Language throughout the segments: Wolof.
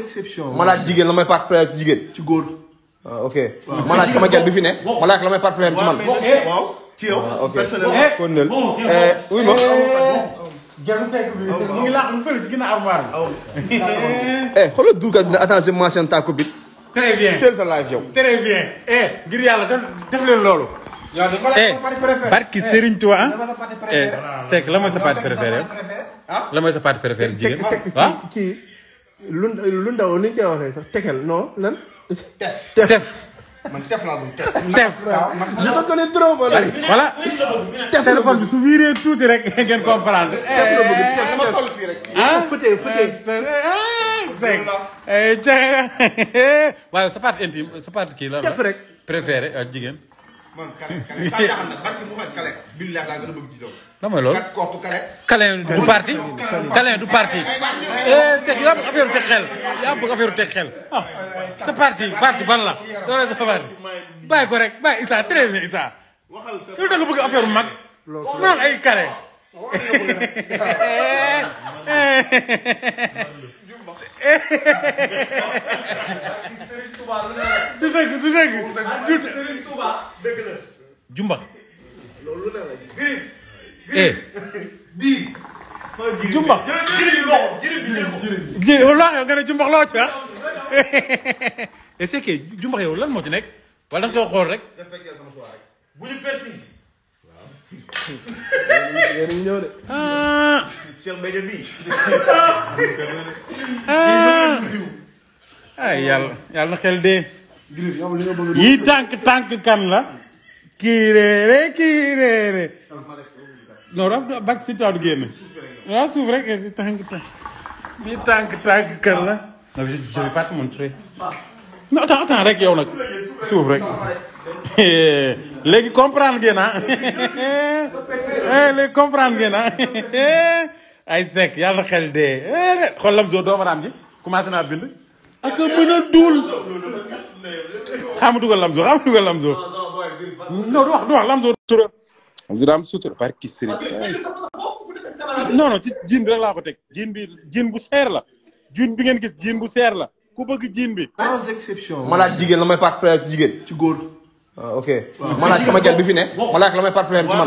exception. malaat jigéen la may part ci jigéen. ci góor. Ah, ok malaat sama fi ne. malaat la may part ci man. waaw ci yow. Ah, personnellement eh, kon nel eh, oui ma. gerte sec bi mu ngi laax lu bi. Eh. yàlla def leen loolu. yow dafa la parti barki Serigne Touba ah. Seck la mooy sa parti préféré yow. Ah? la mooy sa parti préféré jigéen waaw. lu lu ndaw ni ñu koy waxee lan. tef tef. man tef laa tef. tef je te connais trop voilà. bi su wiiree tuuti rek ngeen comprendre. tef la bëgg tef eh, ma toll fii rek. ah fëtee eh, eh, waaye sa part intime sa part kii la. tef rek préféré ak euh, jigéen. man kale kale saa jaaxal nag barki mu xaj kale. billahi laa gën a du parti kale du parti. eh c' yow affaire teg xel yaa bëgg affaire teg xel ah sa parti parti ban la sa parti bàyyi ko rek Issa très bien Issa. yow da nga bëgg affaire bu mag. non ay kale. ah dëgg la. jumba. loolu lu ne la. girif. girif bii. jumba jërëjëf lool wax yow nga ne jumbax loo ci ah. et c'est que jumbax yow lan moo ci nekk. wala da nga koy xool rek. bu ñu persil. yéen ñëw de. Cheikh Béthio bii. ah, ah. yàlla yàlla na xel dee. yi tànk tànk kan la kii réere kii réere non daf bak si taw du génn waaw suuf rek yi tànk tànk yi tànk tànk kan la non je je vais pas rek yow nag suuf rek léegi comprendre ngeen ah eh, léegi comprendre ngeen ah ay sec yàlla xel dee eh, xool lam zoo doomu raam ji commencé naa bind ak a a duul xaaral ma dugal Lamzo xaaral ma dugal Lamzo. non du wax du wax Lamzo sutura. Lamzo daa am sutura barki sëriñ. non non ci jiin bi rek laa ko teg jiin bi jiin bu seer la jiin bi ngeen gis jiin bu seer la ku bëgg jiin bi. sans exception. malaat jigéen la may partenaire ci jigéen. ci góor. ok malaat sama gel bi fi ne. malaat la may partenaire ci ma.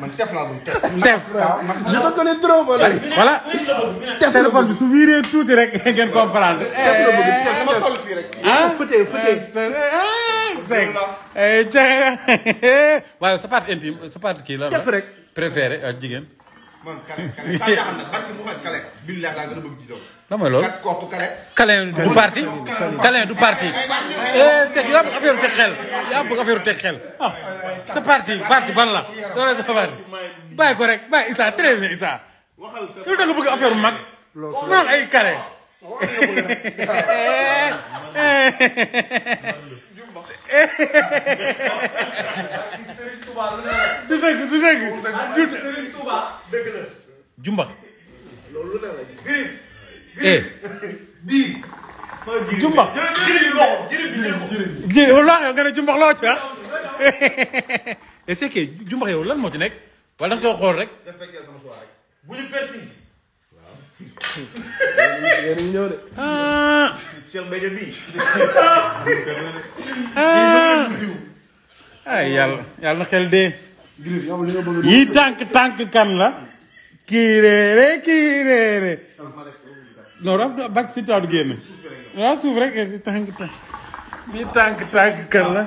man tef laa bëgg tef. tef je te connais trop voilà tef téléphone bi su wiiree tuuti rek ngeen comprendre. Eh, eh, eh, ah? tef ah, intime sa part kii la. tef rek euh, jigéen. man kale kale saa jaaxal nag barki a du parti kale du parti. c'est yaa bëgg a teg a yaa bëgg teg xel ah, sa parti parti ban la sa parti bàyyi ko rek bàyyi Issa très bien yow da nga bëgg affaire mag. noonu ay kale. Serigne Touba lu ne Jumba. loolu Jumba. Girib bi Girib ne Jumba loo ci wax. et Jumba yow lan moo ci nekk. wala da nga rek. bu mbéy mi. ay yàlla yàlla na xel dee. yii tànk tànk kan la. kii réere kii réere. non dafa bàcc si taatu génn. waaw ah, suuf rek yéen tànk tànk. yii tànk tànk la.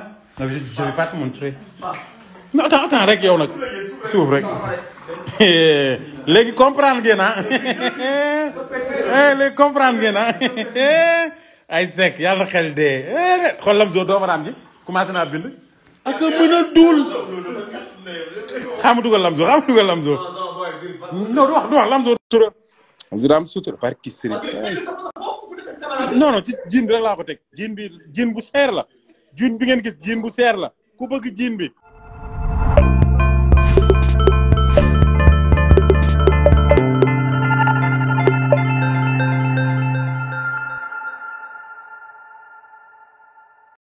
non je te rek yow nag suuf ay sec yàlla xel dee eh, xool lam zoo doomu ji commencé naa bind. ak mën a duul. xaamu dugal lam zoo xaamu dugal lam zoo. du wax du wax lam zoo sutura. am na sutura barki sëriñ. non non ci jiin bi rek laa ko jiin bi jiin bu seer la. jiin bi ngeen gis jiin bu seer la ku bëgg jiin bi.